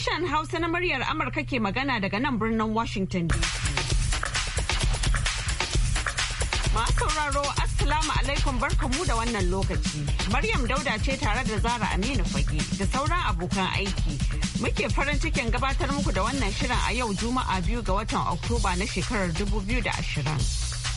Sashen Hausa na muryar Amurka ke magana daga nan birnin Washington DC. Masu sauraro Assalamu alaikum barkamu da wannan lokaci. Maryam Dauda ce tare da Zara Aminu Fage da sauran abokan aiki. Muke farin cikin gabatar muku da wannan shirin a yau Juma'a biyu ga watan Oktoba na shekarar 2020.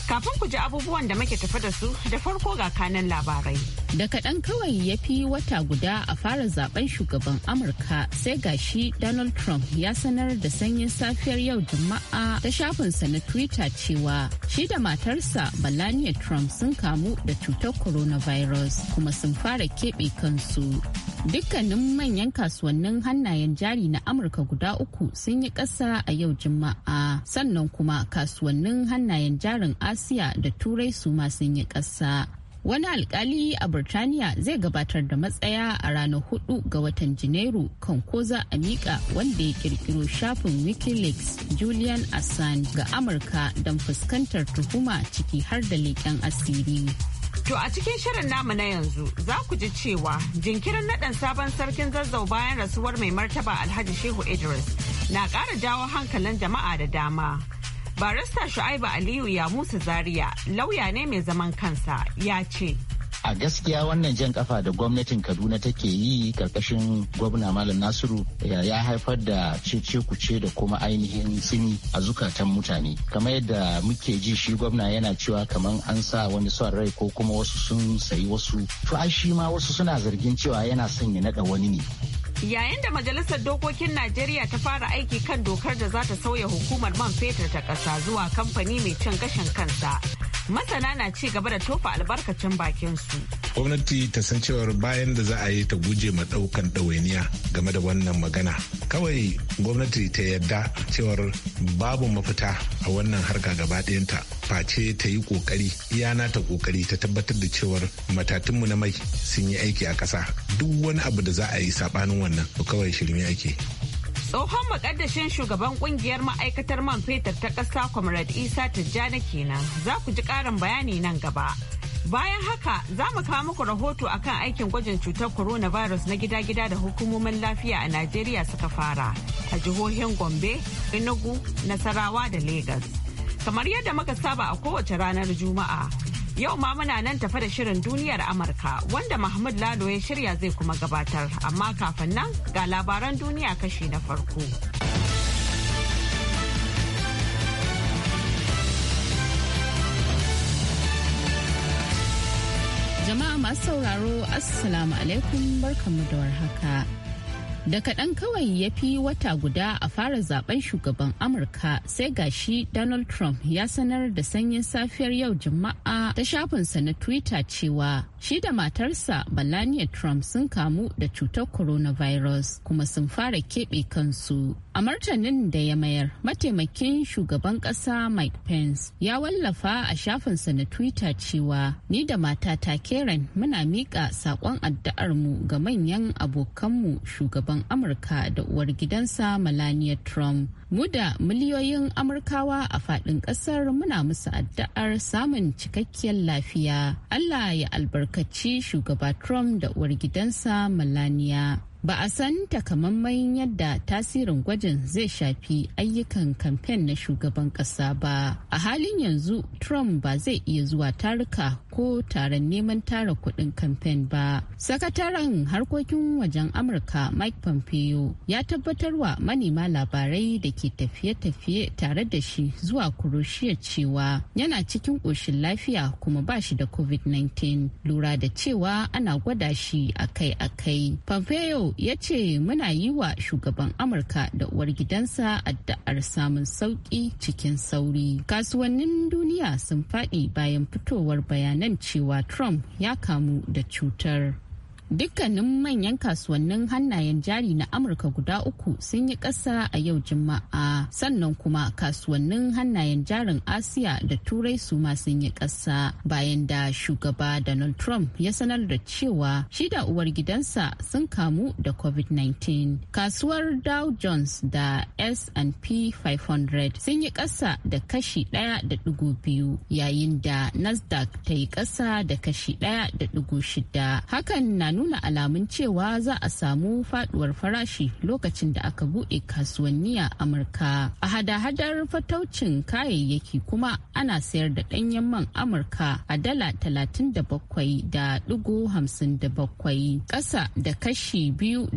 Kafin ku ji abubuwan da muke tafi da su da farko ga kanan labarai. da kaɗan kawai ya fi wata guda a fara zaben shugaban amurka sai gashi donald trump ya sanar da sanyin safiyar yau juma'a ta shafinsa na twitter cewa shi da matarsa melania trump sun kamu da cutar coronavirus kuma sun fara keɓe kansu dukkanin manyan kasuwannin hannayen jari na amurka guda uku sun yi ƙasa a yau juma'a sannan kuma kasuwannin hannayen jarin asiya da turai su ma sun yi ƙasa wani alkali a birtaniya zai gabatar da matsaya a ranar hudu ga watan janairu kan ko za a miƙa wanda ya kirkiro shafin wikileaks julian assange ga amurka don fuskantar tuhuma ciki har da leƙen asiri To a cikin shirin namu na yanzu za ku ji cewa jinkirin naɗin sabon sarkin zazzau bayan rasuwar mai martaba Alhaji Shehu Idris na ƙara jawo hankalin jama'a da dama. barista shu'aibu aliyu ya musa zaria lauya ne mai zaman kansa ya ce a gaskiya wannan jan kafa da gwamnatin kaduna take yi karkashin gwamna malam nasiru ya haifar da cece kuce da kuma ainihin tsini a zukatan mutane kamar yadda muke ji shi gwamna yana cewa kamar an sa wani son rai ko kuma wasu sun sayi wasu to ai shi ma wasu suna zargin cewa yana son ya naɗa wani ne Yayin da Majalisar Dokokin Najeriya ta fara aiki kan dokar da za ta sauya hukumar man fetur ta ƙasa zuwa kamfani mai cin gashin kansa. masana na ci gaba da tofa albarkacin bakin su. gwamnati ta san cewar bayan da za a yi ta guje ma daukan ɗawainiya game da wannan magana kawai gwamnati ta yadda cewar babu mafita a wannan harka gaba ɗayanta face ta yi kokari iyana ta kokari ta tabbatar da cewar matatunmu na mai sun yi aiki a ƙasa duk wani abu da za a yi saɓanin wannan kawai shirme ake Tsohon makaddashin shugaban kungiyar ma'aikatar man fetur ta ƙasa Comrade Isa Tijjani kenan za ku ji ƙarin bayani nan gaba. Bayan haka za mu kawo muku rahoto akan aikin gwajin cutar coronavirus na gida-gida da hukumomin lafiya a Najeriya suka fara a jihohin Gombe, Enugu, Nasarawa da Legas. Kamar yadda muka saba a kowace ranar Juma'a. Yau ma muna nan tafa da shirin duniyar Amurka wanda Mahmud Lalo ya shirya zai kuma gabatar amma kafin nan ga labaran duniya kashi na farko. Jama'a masu sauraro Assalamu alaikum barkanmu da warhaka. da kaɗan kawai ya fi wata guda a fara zaben shugaban amurka sai gashi donald trump ya sanar da sanyin safiyar yau juma'a ta shafinsa na twitter cewa shi da matarsa melania trump sun kamu da cutar coronavirus kuma sun fara keɓe kansu a martanin da ya mayar mataimakin shugaban ƙasa mike pence ya wallafa a shafinsa na twitter cewa ni da matata karen muna miƙa saƙon addu'armu ga manyan abokanmu shugaban shugaban amurka da uwar gidansa melania trump mu da miliyoyin amurkawa a faɗin ƙasar muna musu addu'ar samun cikakkiyar lafiya allah ya albarkaci shugaba trump da uwar gidansa melania ba a san takamaiman yadda tasirin gwajin zai shafi ayyukan kamfen na shugaban kasa ba a halin yanzu trump ba zai iya zuwa taruka ko taron neman tara kudin kamfen ba. Sakataren harkokin wajen Amurka Mike Pompeo ya tabbatar wa manema labarai da ke tafiye-tafiye tare da shi zuwa Kuroshiya cewa yana cikin ƙoshin lafiya kuma ba shi da COVID-19 lura da cewa ana gwada shi akai-akai. Pompeo ya ce muna yi wa shugaban Amurka da uwar gidansa addu'ar samun sauƙi cikin sauri. Kasuwannin duniya sun faɗi bayan fitowar bayanai. nan cewa Trump ya kamu da cutar. dukkanin manyan kasuwannin hannayen jari na amurka guda uku sun yi ƙasa a yau juma'a sannan kuma kasuwannin hannayen jarin asiya da turai su ma sun yi ƙasa bayan da shugaba donald trump ya sanar da cewa shi da uwar gidansa sun kamu da covid-19 kasuwar dow jones da s&p 500 sun yi ƙasa da kashi ɗaya da ɗigo biyu yayin da nasdaq ta yi ƙasa da kashi ɗaya da ɗigo shida hakan na nuna nuna alamun cewa za a samu faduwar farashi lokacin da aka buɗe kasuwanni a Amurka. A hada-hadar fataucin kayayyaki kuma ana sayar da ɗanyen man Amurka a dala 37.57 da ƙasa da kashi biyu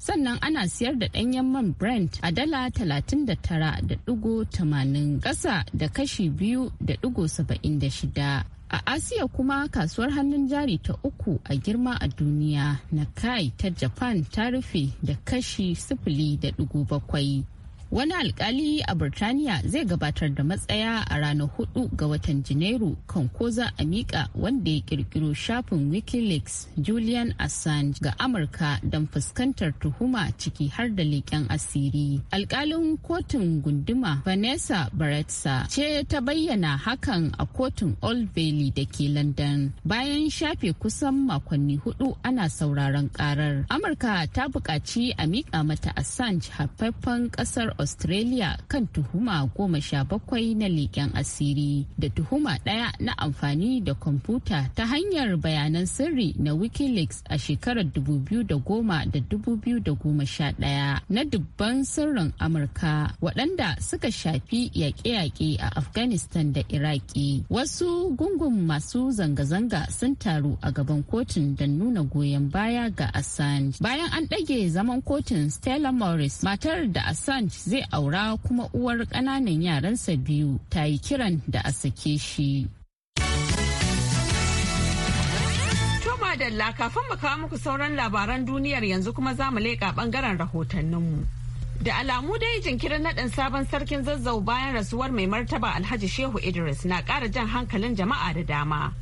sannan ana sayar da ɗanyen man Brent a dala 39.80 ƙasa da kashi biyu A Asiya kuma kasuwar hannun jari ta uku a girma a duniya na kai ta Japan ta rufe da kashi sifili da dugu bakwai. wani alkali a burtaniya zai gabatar da matsaya a ranar hudu ga watan janairu kan ko za a miƙa wanda ya kirkiro shafin wikileaks julian assange ga amurka don fuskantar tuhuma ciki har da leƙen asiri alkalin kotun gunduma vanessa baretsa ce ta bayyana hakan a kotun old bailey da ke london bayan shafe kusan makonni hudu ana sauraron karar amurka ta buƙaci a miƙa mata assange haifaffen ƙasar australia kan tuhuma goma sha bakwai na leƙen asiri da tuhuma ɗaya na amfani da kwamfuta ta hanyar bayanan sirri na wikileaks a shekarar 2010 da 2011 na dubban sirrin amurka waɗanda suka shafi yaƙe-yaƙe a afghanistan da iraki wasu gungun masu zanga-zanga sun taru a gaban kotun don nuna goyon baya ga assange bayan an ɗage zaman kotun stella morris matar da assange zai aura kuma uwar ƙananan yaransa biyu ta yi kiran da a sake shi. Toma Dalla kafin mu kawo muku sauran labaran duniyar yanzu kuma za mu leƙa ɓangaren rahotanninmu. Da alamu dai jinkirin naɗin sabon sarkin zazzau bayan rasuwar mai martaba Alhaji Shehu Idris na ƙara jan hankalin jama'a da dama.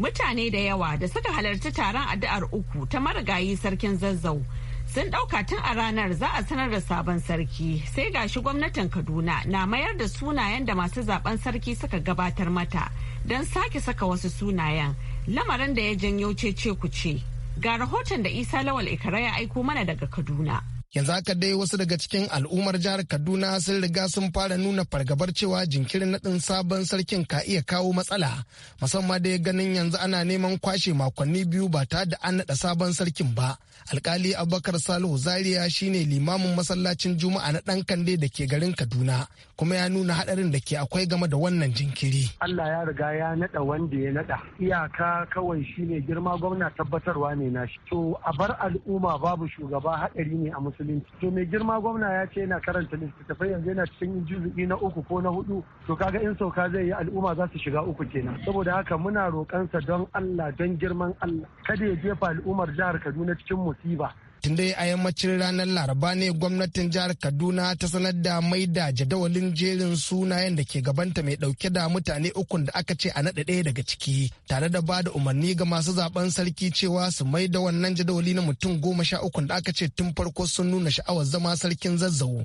Mutane da yawa da suka halarci taron addu'ar uku ta marigayi sarkin zazzau sun ɗauka tun a ranar za a sanar da sabon sarki sai gashi gwamnatin kaduna na mayar da sunayen da masu zaben sarki suka gabatar mata don sake saka wasu sunayen lamarin da ya janyo ce ku ce ga rahoton da isa lawal ikara ya aiko mana daga kaduna yanzu haka dai wasu daga cikin al'ummar jihar kaduna sun riga sun fara nuna fargabar cewa jinkirin naɗin sabon sarkin ka iya kawo matsala musamman dai ganin yanzu ana neman kwashe makonni biyu ba ta da an naɗa sabon sarkin ba alkali abubakar salihu zaria shine limamin masallacin juma'a na ɗan kande da ke garin kaduna kuma ya nuna haɗarin da ke akwai game da wannan jinkiri allah ya riga ya naɗa wanda ya naɗa iyaka kawai shine girma gwamna tabbatarwa ne na shi to a bar al'umma babu shugaba haɗari ne a musulunci to mai girma gwamna ya ce yana karanta littattafai yanzu yana cikin juzu'i na uku ko na hudu to kaga in sauka zai yi al'umma za su shiga uku kenan saboda haka muna roƙansa don Allah don girman Allah kada ya jefa al'ummar jihar Kaduna cikin musiba tun dai a yammacin ranar laraba ne gwamnatin jihar kaduna ta sanar da mai da jadawalin jerin sunayen da ke gabanta mai dauke da mutane ukun da aka ce a naɗa ɗaya daga ciki tare da bada umarni ga masu zaben sarki cewa su mai da wannan jadawali na mutum goma sha ukun da aka ce tun farko sun nuna sha'awar zama sarkin zazzau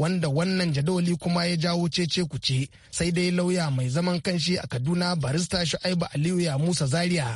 wanda wannan jadawali kuma ya jawo cece ce. sai dai lauya mai zaman kanshi a kaduna barista shu'aibu aliyu ya musa zaria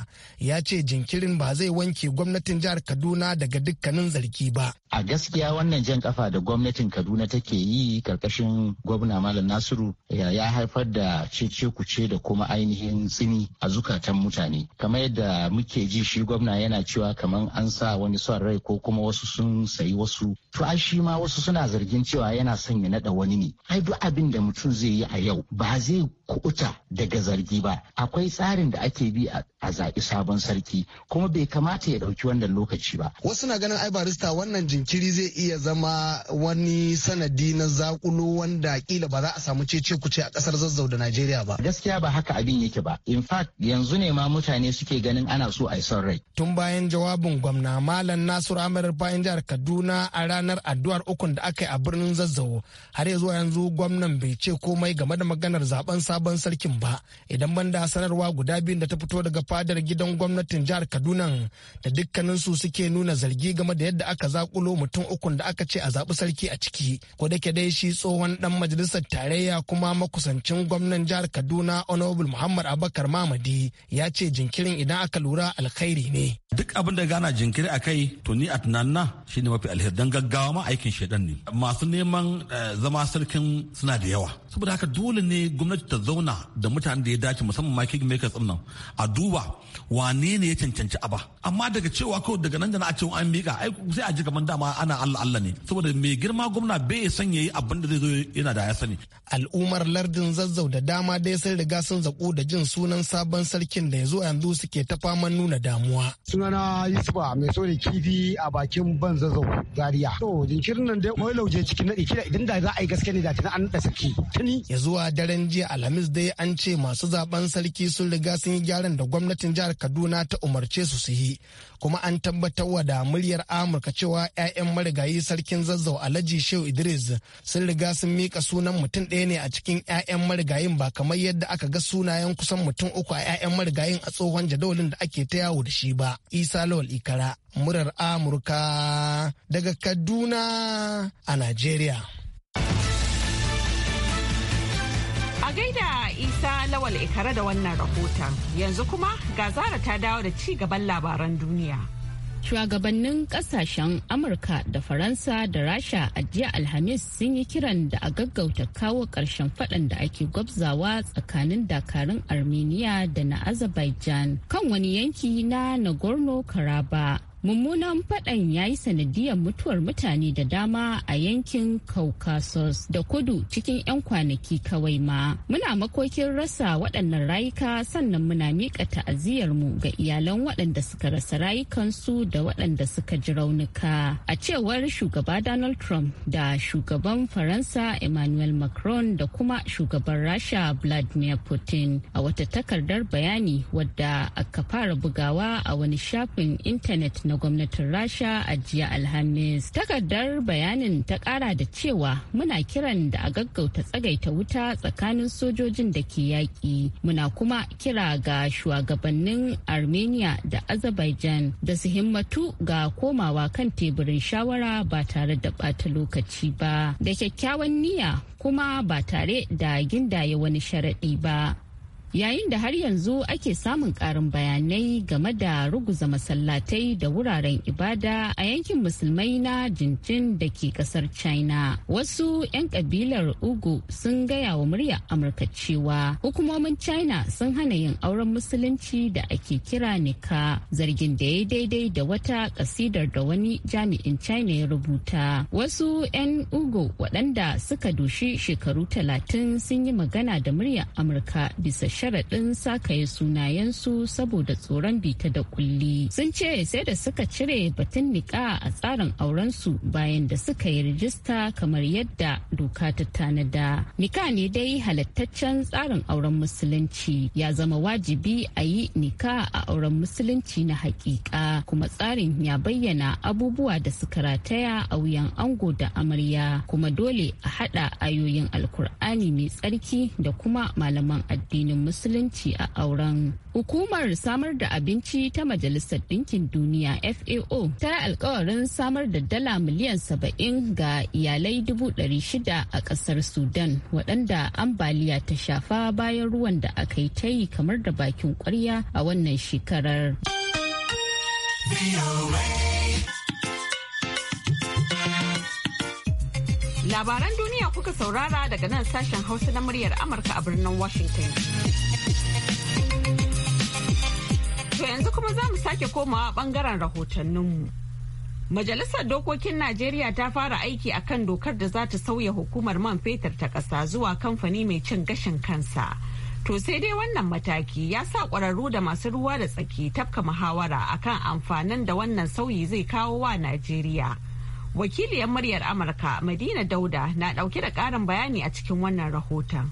ya ce jinkirin ba zai wanke gwamnatin jihar kaduna daga dukkanin zargi ba. A gaskiya wannan jan kafa da gwamnatin Kaduna take yi karkashin gwamna Malam Nasiru ya haifar da cece kuce da kuma ainihin tsini a zukatan mutane. Kamar yadda muke ji shi gwamna yana cewa kamar an sa wani son rai ko kuma wasu sun sayi wasu. To ai shi ma wasu suna zargin cewa yana son ya naɗa wani ne. Ai duk abin da mutum zai yi a yau ba zai kuɓuta daga zargi ba akwai tsarin da ake bi a zaɓi sabon sarki kuma bai kamata ya ɗauki wannan lokaci ba wasu na ganin ai wannan jinkiri zai iya zama wani sanadi na zakulo wanda kila ba za a samu cece kuce a ƙasar zazzau da najeriya ba gaskiya ba haka abin yake ba in fact yanzu ne ma mutane suke ganin ana so a yi son rai tun bayan jawabin gwamna malam nasiru amir bayan jihar kaduna a ranar addu'ar ukun da aka yi a birnin zazzau har yanzu gwamnan bai ce komai game da maganar zaben sabon sabon sarkin ba idan ban da sanarwa guda biyun da ta fito daga fadar gidan gwamnatin jihar kaduna da dukkaninsu suke nuna zargi game da yadda aka zakulo mutum ukun da aka ce a zaɓi sarki a ciki ko da dai shi tsohon dan majalisar tarayya kuma makusancin gwamnan jihar kaduna honorable muhammad abakar mamadi ya ce jinkirin idan aka lura alkhairi ne duk abin da gana jinkiri a kai to ni a tunanina shine mafi alheri don gaggawa ma aikin shedan ne masu neman eh, zama sarkin suna da yawa saboda haka dole ne gwamnati ta zauna da mutanen da ya dace musamman ma king makers din nan a duba wane ne ya cancanci aba amma daga cewa kawai daga nan da na a ce an mika ai sai a ji kaman dama ana Allah Allah ne saboda mai girma gwamna bai sanya yi abin da zai zo yana da ya sani al'ummar lardin zazzau da dama dai sun riga sun zaku da jin sunan sabon sarkin da ya zo yanzu suke ta faman nuna damuwa sunana Yusufa mai so kifi a bakin ban zazzau Zaria to jinkirin nan dai oil lauje cikin na idan da za a yi gaskiya ne da tana an da saki tuni ya zuwa daren jiya alhamis dai an ce masu zaben sarki sun riga sun yi gyaran da gwamnatin jihar kaduna ta umarce su su yi kuma an tabbatar wa da muryar amurka cewa 'ya'yan marigayi sarkin zazzau alhaji shehu idris sun riga sun mika sunan mutum ɗaya ne a cikin 'ya'yan marigayin ba kamar yadda aka ga sunayen kusan mutum uku a 'ya'yan marigayin a tsohon jadawalin da ake ta yawo da shi ba isa lawal ikara murar amurka daga kaduna a najeriya A gaida Isa Lawal Ikare eh, da wannan rahoton yanzu kuma ga zara ta dawo da ci gaban labaran duniya. Shugabannin kasashen Amurka da Faransa da Rasha a jiya Alhamis sun yi kiran da a gaggauta kawo ƙarshen faɗan da ake gwabzawa tsakanin dakarun Armenia da na Azerbaijan kan wani yanki na Nagorno-Karabakh. mummunan faɗan ya yi sanadiyar mutuwar mutane da dama a yankin caucasus da kudu cikin 'yan kwanaki kawai ma muna makokin rasa waɗannan rayuka sannan muna miƙa ta'aziyarmu ga iyalan waɗanda suka rasa rayukansu da waɗanda suka ji raunuka a cewar shugaba donald trump da shugaban faransa emmanuel macron da kuma shugaban rasha vladimir putin a wata takardar bayani wadda aka fara bugawa a wani shafin intanet na na gwamnatin rasha a jiya alhamis takardar bayanin ta kara da cewa muna kiran da a gaggauta tsagaita wuta tsakanin sojojin da ke yaƙi muna kuma kira ga shugabannin armenia da azerbaijan da su himmatu ga komawa kan teburin shawara ba tare da bata lokaci ba da kyakkyawan niyya kuma ba tare da gindaye wani sharaɗi ba yayin da har yanzu ake samun karin bayanai game da ruguza masallatai da wuraren ibada a yankin musulmai na jinjin da ke kasar china wasu 'yan kabilar ugu sun gaya wa murya amurka cewa hukumomin china sun hana yin auren musulunci da ake kira nika zargin da ya daidai da wata kasidar da wani jami'in china ya rubuta wasu 'yan ugu waɗanda suka dushi shekaru talatin sun yi magana da murya amurka bisa sharaɗin sakaye sunayensu saboda tsoron bita da kulli sun ce sai da suka cire batun niƙa a tsarin aurensu bayan da suka yi rijista kamar yadda doka ta tanada nika ne dai halattaccen tsarin auren musulunci ya zama wajibi a yi nika a auren musulunci na hakika kuma tsarin ya bayyana abubuwa da suka rataya a wuyan ango da amarya kuma dole a haɗa ayoyin alkur'ani mai tsarki da kuma malaman addinin musulunci musulunci a auren. Hukumar samar da abinci ta Majalisar Ɗinkin Duniya FAO ta yi alkawarin samar da dala miliyan saba'in ga iyalai dubu ɗari shida a ƙasar Sudan waɗanda ambaliya ta shafa bayan ruwan da aka yi ta yi kamar da bakin ƙwarya a wannan shekarar. Labaran duniya kuka saurara daga nan sashen Hausa na muryar Amurka a birnin Washington. To yanzu kuma za mu sake komawa bangaren rahotanninmu. Majalisar Dokokin Najeriya ta fara aiki a kan dokar da za ta sauya hukumar man fetur ta kasa zuwa kamfani mai cin gashin kansa. To sai dai wannan mataki ya sa kwararru da masu ruwa da tsaki tafka muhawara akan amfanin da wannan sauyi zai kawo wa Najeriya. wakiliyar muryar amurka madina dauda na dauke da karin bayani a cikin wannan rahoton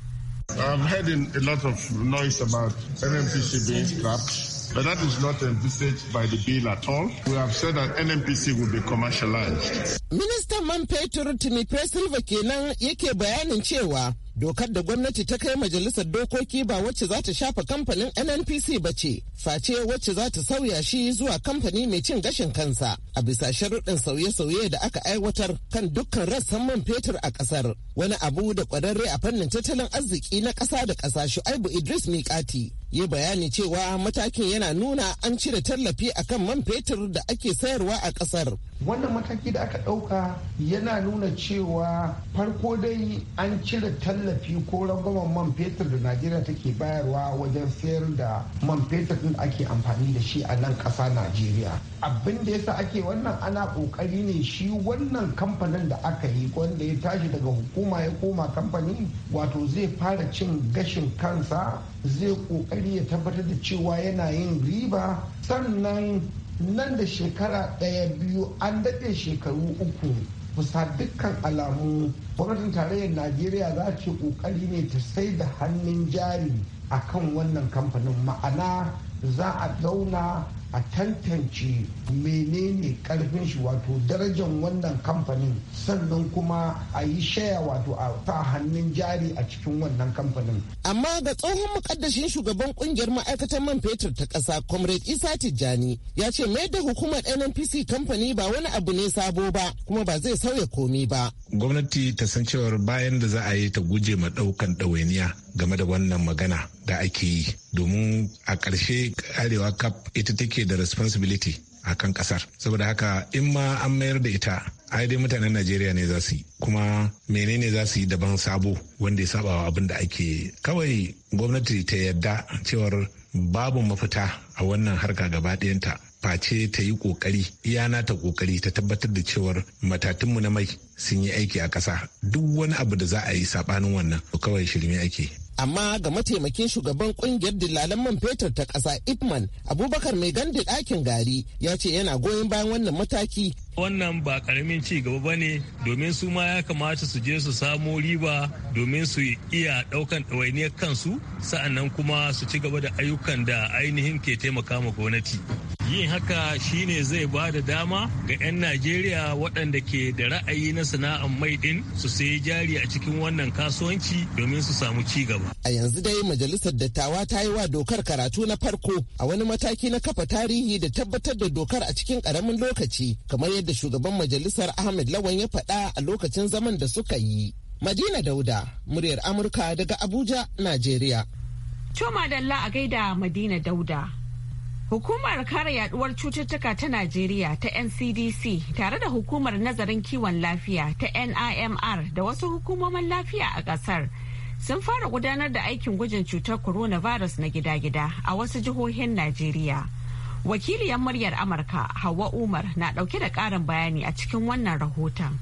I'm hearing a lot of noise about NMPC being scrapped, but that is not envisaged by the bill at all. We have said that NMPC will be commercialized. Ministan man fetur Timi Silva kenan yake bayanin cewa dokar da gwamnati ta kai majalisar dokoki ba wacce za ta shafa kamfanin nnpc ba ce face wacce za ta sauya shi zuwa kamfani mai cin gashin kansa a bisa sharuɗin sauye-sauye da aka aiwatar kan dukkan rassan man fetur a ƙasar wani abu da ƙwararre a fannin tattalin arziki na ƙasa da ƙasa shu'aibu idris miƙati yi bayani cewa matakin yana nuna an cire tallafi a kan man fetur da ake sayarwa a ƙasar. wannan mataki da aka ɗauka yana nuna cewa farko dai an cire tallafi ko rangwamen man fetur da najeriya take bayarwa wajen sayar da man fetur da ake amfani da shi a nan ƙasa najeriya abin da yasa ake wannan ana kokari ne shi wannan kamfanin da aka yi wanda ya tashi daga hukuma ya koma kamfani wato zai fara cin gashin kansa zai kokari ya tabbatar da cewa yana yin riba sannan nan da shekara ɗaya biyu an daɗe shekaru uku kusa dukkan alamu gwamnatin tarayyar najeriya za ce kokari ne ta sai da hannun jari a kan wannan kamfanin ma'ana za a zauna a tantance menene karfin shi wato darajan wannan kamfanin sannan kuma a yi shaya wato a sa hannun jari a cikin wannan kamfanin. Amma ga tsohon mukaddashin shugaban kungiyar ma'aikatan man fetur ta ƙasa Comrade Isa Tijjani ya ce mai da hukumar NNPC kamfani ba wani abu ne sabo ba kuma ba zai sauya komi ba. gwamnati ta san cewar bayan da za a yi ta guje ma ɗaukan ɗawainiya game da wannan magana da ake yi domin a ƙarshe arewa cup ita take da responsibility a kan ƙasar saboda haka in ma an mayar da ita ai dai mutanen najeriya ne za su yi kuma menene za su yi daban sabo wanda ya saba wa abin da ake kawai gwamnati ta yarda cewar babu mafita a wannan harka gaba ɗayanta face ta yi kokari iya ta kokari ta tabbatar da cewar matatunmu na mai sun yi aiki a ƙasa duk wani abu da za a yi sabanin wannan kawai shirme ake amma ga mataimakin shugaban kungiyar dillalan man fetur ta ƙasa ipman abubakar mai gandi ɗakin gari ya ce yana goyon bayan wannan mataki wannan ba karamin ci gaba ba ne domin su ma ya kamata su je su samo riba domin su iya daukan ɗawainiyar kansu sa'annan kuma su ci gaba da ayyukan da ainihin ke taimaka ma gwamnati yin haka shine zai ba da dama ga 'yan najeriya waɗanda ke da ra'ayi na sana'ar mai ɗin su sayi jari a cikin wannan kasuwanci domin su samu ci gaba a yanzu dai majalisar dattawa ta yi wa dokar karatu na farko a wani mataki na kafa tarihi da tabbatar da dokar a cikin ƙaramin lokaci kamar yadda shugaban majalisar Ahmed Lawan ya faɗa a lokacin zaman da suka yi. Madina Dauda, muryar Amurka daga Abuja, Najeriya. Cuma Dalla a gaida Madina Dauda. Hukumar kare yaduwar cututtuka ta Najeriya ta NCDC tare da hukumar nazarin kiwon lafiya ta NIMR da wasu hukumomin lafiya a kasar sun fara gudanar da aikin gwajin cutar coronavirus na gida-gida a wasu jihohin Najeriya. Wakiliyar muryar Amurka Hauwa Umar na dauke da karin bayani a cikin wannan rahoton.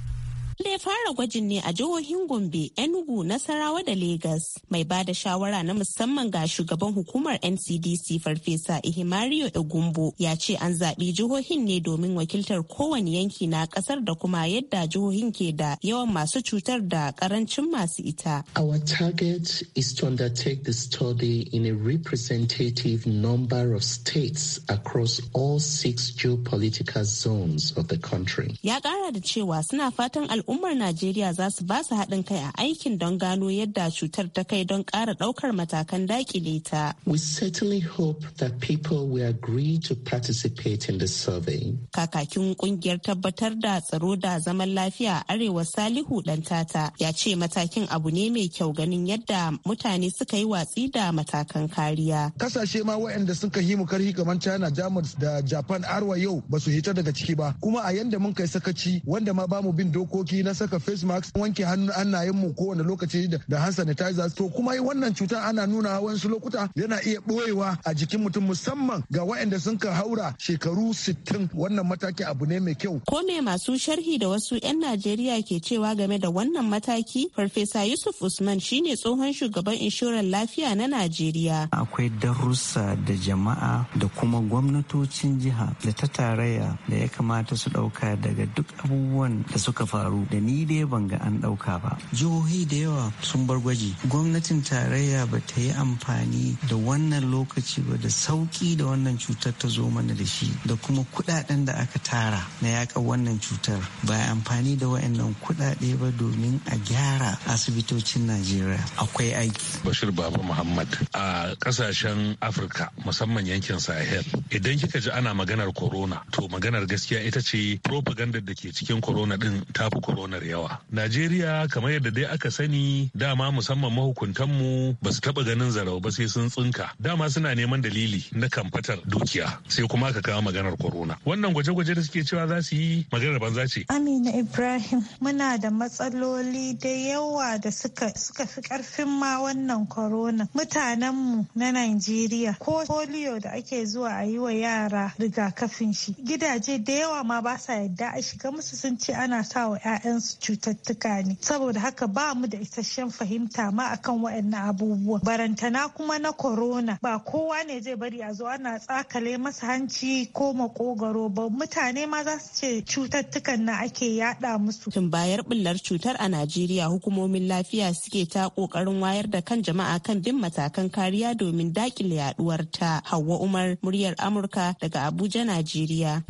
le fara gwajin ne a jihohin Gombe, Enugu, Nasarawa da Legas. Mai ba da shawara na musamman ga shugaban hukumar NCDC Farfesa Ihimario Egumbo ya ce an zaɓi jihohin ne domin wakiltar kowane yanki na ƙasar da kuma yadda jihohin ke da yawan masu cutar da ƙarancin masu ita. Our target is to undertake the study in a representative number of states across all six geopolitical zones of the country. Ya ƙara da cewa suna fatan al al'ummar Najeriya za su ba su haɗin kai a aikin don gano yadda cutar ta kai don ƙara ɗaukar matakan dakile ta. We certainly hope that people will agree to participate in the survey. Kakakin ƙungiyar tabbatar da tsaro da zaman lafiya a Arewa Salihu Ɗantata ya ce matakin abu ne mai kyau ganin yadda mutane suka yi watsi da matakan kariya. Kasashe ma waɗanda suka yi mu karhi kamar China, Jamus da Japan arwa yau ba su hita daga ciki ba. Kuma a yanda mun kai sakaci wanda ma bamu bin dokoki na saka face mask wanke yin mu kowane lokaci da hand sanitizers to kuma wannan cutar ana nuna wasu lokuta yana iya boyewa a jikin mutum musamman ga waɗanda sun ka haura shekaru 60 wannan mataki abu ne mai kyau. Ko me masu sharhi da wasu 'yan Najeriya ke cewa game da wannan mataki? Farfesa Yusuf Usman shine tsohon shugaban inshoran lafiya na Najeriya. Akwai darussa da jama'a da kuma gwamnatocin jiha da ta tarayya da ya kamata su ɗauka daga duk abubuwan da suka faru da ni dai ban ga an ɗauka ba. Jihohi da yawa sun bar gwaji. Gwamnatin tarayya ba ta yi amfani da wannan lokaci ba da sauki da wannan cutar ta zo mana da shi da kuma kuɗaɗen da aka tara na yaƙa wannan cutar ba amfani da waɗannan kuɗaɗe ba domin a gyara asibitocin Najeriya akwai aiki. Bashir Baba Muhammad a ƙasashen Afirka musamman yankin Sahel idan kika ji ana maganar corona to maganar gaskiya ita ce propaganda da ke cikin corona din ta fi koronar yawa. Najeriya kamar yadda dai aka sani dama musamman mahukuntanmu ba su taɓa ganin zarau ba sai sun tsinka. Dama suna neman dalili na kamfatar dukiya sai kuma aka kawo maganar korona. Wannan gwaje-gwaje da suke cewa za su yi maganar banza ce. Amina Ibrahim muna da matsaloli da yawa da suka suka fi karfin ma wannan korona. Mutanenmu na Najeriya ko polio da ake zuwa a yi wa yara rigakafin shi. Gidaje da yawa ma ba sa yadda a shiga musu sun ce ana sa wa 'ya'yansu cututtuka ne saboda haka ba mu da isasshen fahimta ma akan waɗannan abubuwa barantana kuma na corona ba kowa ne zai bari a zo ana tsakale masa hanci ko makogaro ba mutane ma za su ce cututtukan na ake yaɗa musu tun bayar bullar cutar a najeriya hukumomin lafiya suke ta ƙoƙarin wayar da kan jama'a kan bin matakan kariya domin dakile yaɗuwar ta hawa umar muryar amurka daga abuja najeriya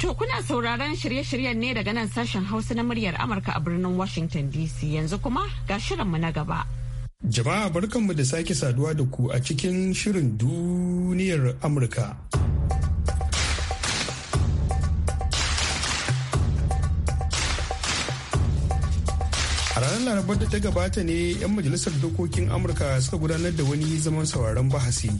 To kuna sauraron shirye-shiryen ne daga nan sashen Hausa na muryar Amurka a birnin Washington DC yanzu kuma ga shirinmu na gaba. Jama'a barkanmu da sake saduwa da ku a cikin shirin duniyar Amurka. ranar larabar da ta gabata ne 'yan majalisar dokokin amurka suka gudanar da wani zaman sauraron bahasi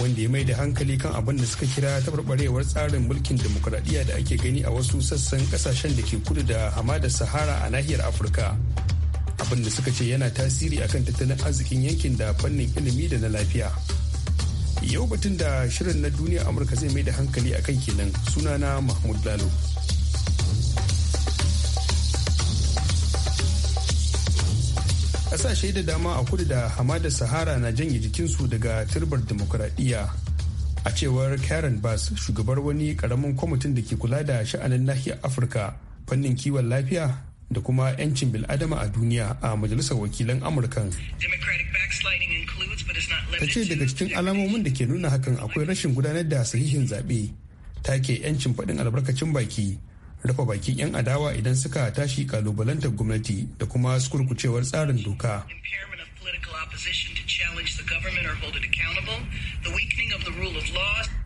wanda ya mai da hankali kan abin da suka kira taɓarɓarewar tsarin mulkin demokuraɗiyya da ake gani a wasu sassan kasashen da ke kudu da hamadar sahara a nahiyar afirka abin da suka ce yana tasiri akan tattalin arzikin yankin da fannin ilimi da na lafiya yau batun da shirin na duniya amurka zai mai da hankali akan kenan sunana mahmud lalo kasashe da dama a kudu da hamada sahara na janye jikinsu daga turbar demokuraɗiyya a cewar karen bas shugabar wani karamin kwamitin da ke kula da sha'anin nahiyar afirka fannin kiwon lafiya da kuma 'yancin bil'adama a duniya a majalisar wakilan amurka. ta ce daga cikin alamomin da ke nuna hakan akwai rashin gudanar da sahihin zaɓe take 'yancin faɗin albarkacin baki rufe bakin 'yan adawa idan suka tashi kalubalantar gwamnati da kuma sukurkucewar tsarin doka.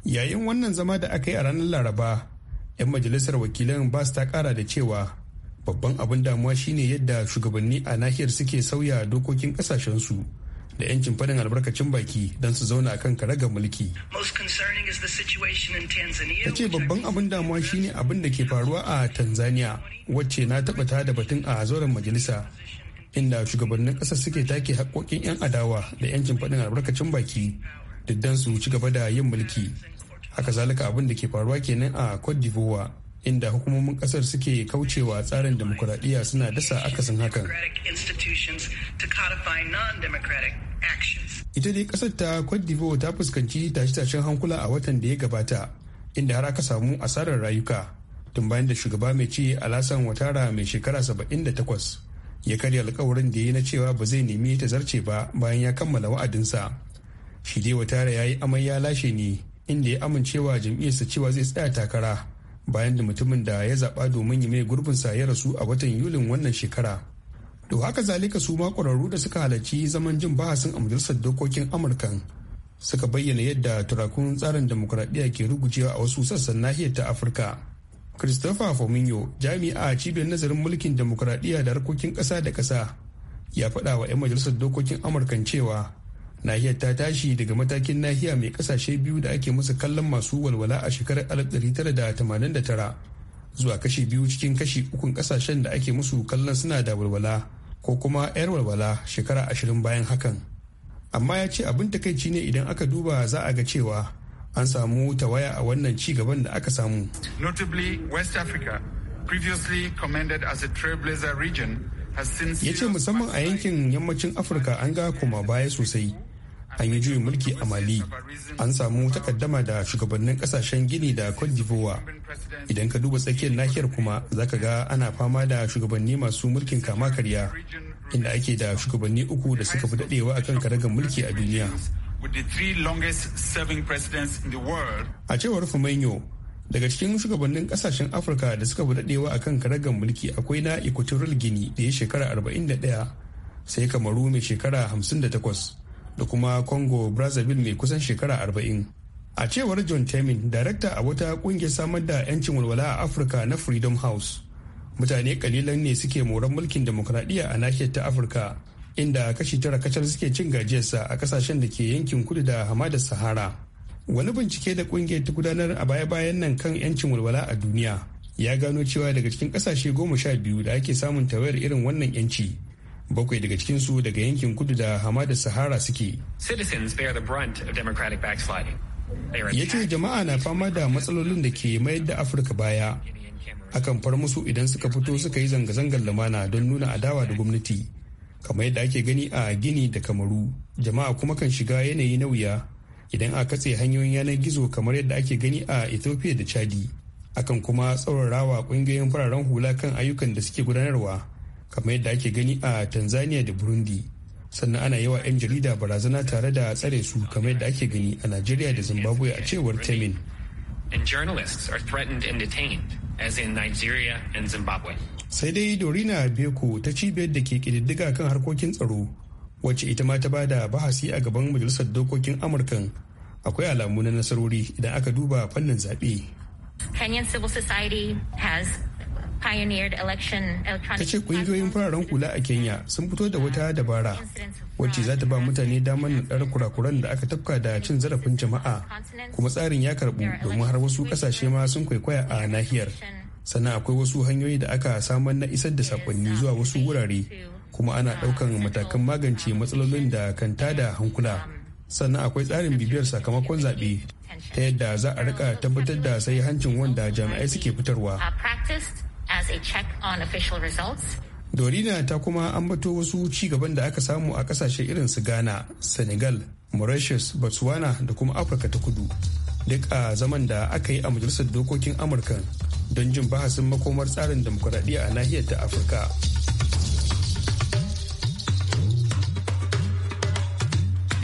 Yayin wannan zama da aka yi a ranar Laraba, 'yan majalisar wakilan su ta kara da cewa babban abin damuwa shine yadda shugabanni a nahiyar suke sauya dokokin kasashensu. su. da 'yancin faɗin albarkacin baki don su zauna kan karagar mulki. Ta ce babban abin damuwa shine abin da ke faruwa a Tanzania wacce na taɓa ta da batun a zauren majalisa inda shugabannin ƙasa suke take haƙoƙin 'yan adawa da 'yancin faɗin albarkacin baki diddan su ci gaba da yin mulki. Haka zalika abin da ke faruwa kenan a Cote d'Ivoire inda hukumomin kasar suke kaucewa tsarin demokuraɗiyya suna dasa akasin hakan. Ita dai kasar ta Cote d'Ivoire ta fuskanci tashe-tashen hankula a watan da ya gabata, inda har aka samu asarar rayuka. Tun bayan da shugaba mai ci Alasan Watara mai shekara 78 ya karya alkawarin da ya na cewa ba zai nemi ta zarce ba bayan ya kammala wa'adinsa. Shi dai Watara ya yi amai ya lashe ne inda ya amincewa jam'iyyarsa cewa zai tsaya takara bayan da mutumin da ya zaɓa domin ya mai gurbinsa ya rasu a watan Yulin wannan shekara. to haka zalika su ma kwararru da suka halarci zaman jin bahasin a majalisar dokokin amurka suka bayyana yadda turakun tsarin demokuraɗiyya ke rugujewa a wasu sassan nahiyar ta afirka christopher Fominio jami'a a cibiyar nazarin mulkin demokuraɗiyya da harkokin ƙasa da ƙasa ya faɗa wa 'yan majalisar dokokin amurkan cewa nahiyar ta tashi daga matakin nahiya mai ƙasashe biyu da ake musu kallon masu walwala a shekarar 1989 zuwa kashi biyu cikin kashi ukun ƙasashen da ake musu kallon suna da walwala ko kuma 'yar walwala shekara ashirin bayan hakan amma ya ce abin takaici ne idan aka duba za a ga cewa an samu tawaya a wannan ci gaban da aka samu notably west africa previously commended as a trailblazer region ya ce musamman a yankin yammacin afirka an ga kuma baya sosai an yi juyin mulki a mali an samu takaddama da shugabannin kasashen gini da cote d'ivoire idan ka duba tsakiyar nahiyar kuma za ka ga ana fama da shugabanni masu mulkin kama karya inda ake da shugabanni uku da suka fi dadewa akan karagar mulki a duniya a cewar fumenyo daga cikin shugabannin kasashen afirka da suka fi dadewa akan karagar mulki akwai na equatorial guinea da ya shekara 41 sai kamaru mai shekara 58 da kuma congo brazzaville mai kusan shekara arba'in a cewar john temin darakta a wata kungiyar samar da 'yancin walwala a afirka na freedom house mutane kalilan ne suke moran mulkin demokradiyya a nahiyar ta afirka inda kashi tara kacal suke cin gajiyarsa a kasashen da ke yankin kudu da hamada sahara wani bincike da kungiyar ta gudanar a baya-bayan nan kan 'yancin walwala a duniya ya gano cewa daga cikin kasashe goma sha biyu da ake samun tawayar irin wannan 'yanci bakwai daga cikinsu daga yankin kudu da hamada sahara suke ya ce jama'a na fama da matsalolin da ke mayar da afirka baya akan far musu idan suka fito suka yi zanga-zangar lamana don nuna adawa da gwamnati kamar yadda ake gani a gini da kamaru jama'a kuma kan shiga yanayi na wuya idan a katse hanyoyin yanar gizo kamar yadda ake gani a ethiopia da chadi akan kuma tsaurarawa kungiyoyin fararen hula kan ayyukan da suke gudanarwa kamar yadda ake gani a tanzania da burundi sannan ana yawa 'yan jarida barazana tare da tsare su kamar yadda ake gani a nigeria da zimbabwe a cewar temin sai dai dorina beko ta cibiyar da ke kididdiga kan harkokin tsaro wacce ita ma ta ba da bahasi a gaban majalisar dokokin amurkan akwai alamu na nasarori idan aka duba fannin zaɓe. Kenyan civil society has ta ce kungiyoyin fararen kula a kenya sun fito da wata dabara wacce za ta ba mutane damar nadar kurakuran da aka tafka da cin zarafin jama'a kuma tsarin ya karbu domin har wasu ƙasashe ma sun kwaikwaya a nahiyar sannan akwai wasu hanyoyi da aka samar na isar da sakonni zuwa wasu wurare kuma ana ɗaukan matakan magance matsalolin da kan tada hankula sannan akwai tsarin bibiyar sakamakon zaɓe ta yadda za a rika tabbatar da sai hancin wanda jami'ai suke fitarwa a check on official results. Dorina ta kuma ambato wasu ci gaban da aka samu a kasashe irin su Ghana, Senegal, Mauritius, Botswana da kuma Afirka ta kudu. Duk a zaman da aka yi a Majalisar Dokokin Amurka don jin bahasin makomar tsarin demokuraɗiyya a nahiyar ta Afirka.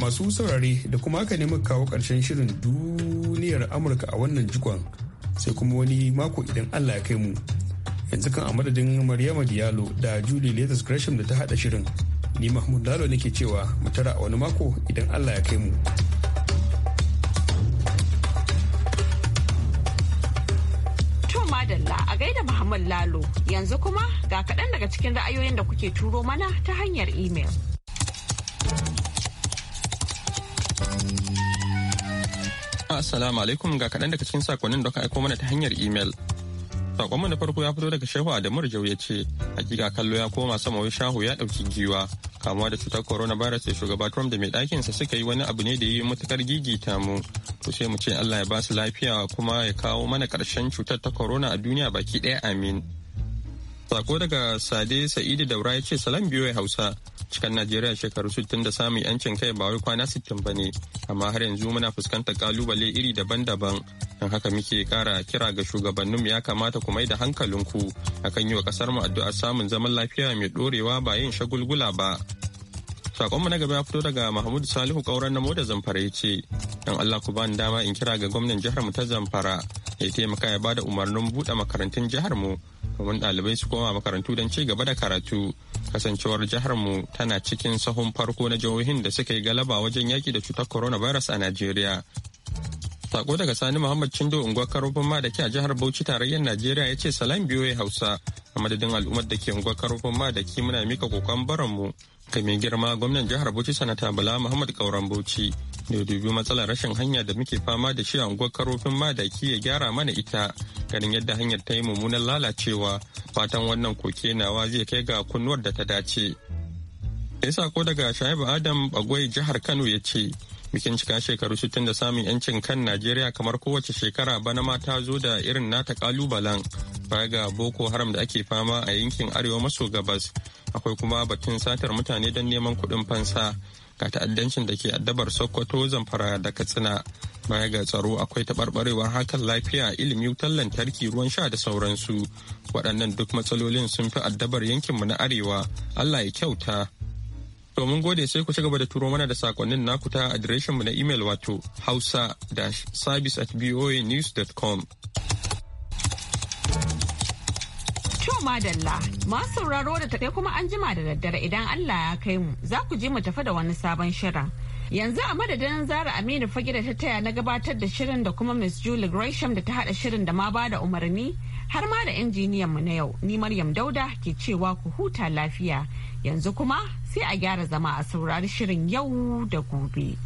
Masu saurare da kuma aka nemi kawo ƙarshen shirin duniyar Amurka a wannan jikon sai kuma wani mako idan Allah ya kai mu. yanzu kan a madadin maryama diallo da julie latest gresham da ta hada shirin ni mahmud lalo nake cewa mutara a wani mako idan allah ya kai mu a gaida muhammad lalo yanzu kuma ga kaɗan daga cikin ra'ayoyin da kuke turo mana ta hanyar imel. Assalamu alaikum ga kaɗan daga cikin sakonnin da aka aiko mana ta hanyar imel. Sakonmu na farko ya fito daga Shehu Adamu Jau ya ce, hakika kallo ya koma sama wai shahu ya ɗauki giwa. Kamuwa da cutar coronavirus da shugaba Trump da mai ɗakinsa suka yi wani abu ne da ya yi matukar gigita mu. To sai mu ce Allah ya basu su lafiya kuma ya kawo mana karshen cutar ta corona a duniya baki ɗaya amin. Sako daga Sade Sa'idu Daura ya ce salam biyo Hausa. Cikin Najeriya shekaru sittin da samun yancin kai ba wai kwana sittin ba ne, amma har yanzu muna fuskantar kalubale iri daban-daban. Don haka muke kara kira ga shugabanninmu ya kamata ku mai da hankalinku akan yi wa kasar mu addu'a samun zaman lafiya mai dorewa ba yin shagulgula ba. Sakonmu na gaba ya fito daga Mahmud Salihu kauran namo da Zamfara ya ce, "Don Allah ku bani dama in kira ga gwamnan jihar mu ta Zamfara ya taimaka ya bada umarnin buɗe makarantun jihar mu kamar ɗalibai su koma makarantu don ci gaba da karatu kasancewar jihar mu tana cikin sahun farko na jihohin da suka yi galaba wajen yaki da cutar coronavirus a najeriya sako daga sani muhammad cindo unguwar karofin ma da a jihar bauchi tarayyar najeriya ya ce salam biyoyi hausa a madadin al'ummar da ke unguwar karofin ma da muna mika kokon baranmu ga mai girma gwamnan jihar bauchi sanata bala muhammad kauran bauchi da dubi matsalar rashin hanya da muke fama da shi a unguwar karofin madaki ya gyara mana ita ganin yadda hanyar ta yi mummunan lalacewa fatan wannan koke nawa zai kai ga kunnuwar da ta dace ya ko daga shaibu adam bagwai jihar kano ya ce bikin cika shekaru sittin da samun yancin kan najeriya kamar kowace shekara bana ma ta zo da irin nata kalubalen baya ga boko haram da ake fama a yankin arewa maso gabas akwai kuma batun satar mutane don neman kuɗin fansa ga ta'addancin da ke addabar sokoto zamfara da katsina baya ga tsaro akwai taɓarɓarewar hakan lafiya ilimi wutar lantarki ruwan sha da sauransu waɗannan duk matsalolin sun fi addabar yankinmu na arewa allah ya kyauta domin gode sai ku ci gaba da turo mana da sakonnin naku ta adireshinmu na imel wato hausa-service at com. dalla Masu sauraro da taɗai kuma an jima da daddare idan Allah ya kai mu za ku je mu tafi da wani sabon shirin. Yanzu a madadin Zara Aminu fage ta taya na gabatar da shirin da kuma Miss Julie Gresham da ta haɗa shirin da ma ba da umarni har ma da injiniyan mu na yau ni Maryam Dauda ke cewa ku huta lafiya. Yanzu kuma sai a gyara zama a saurari shirin yau da gobe.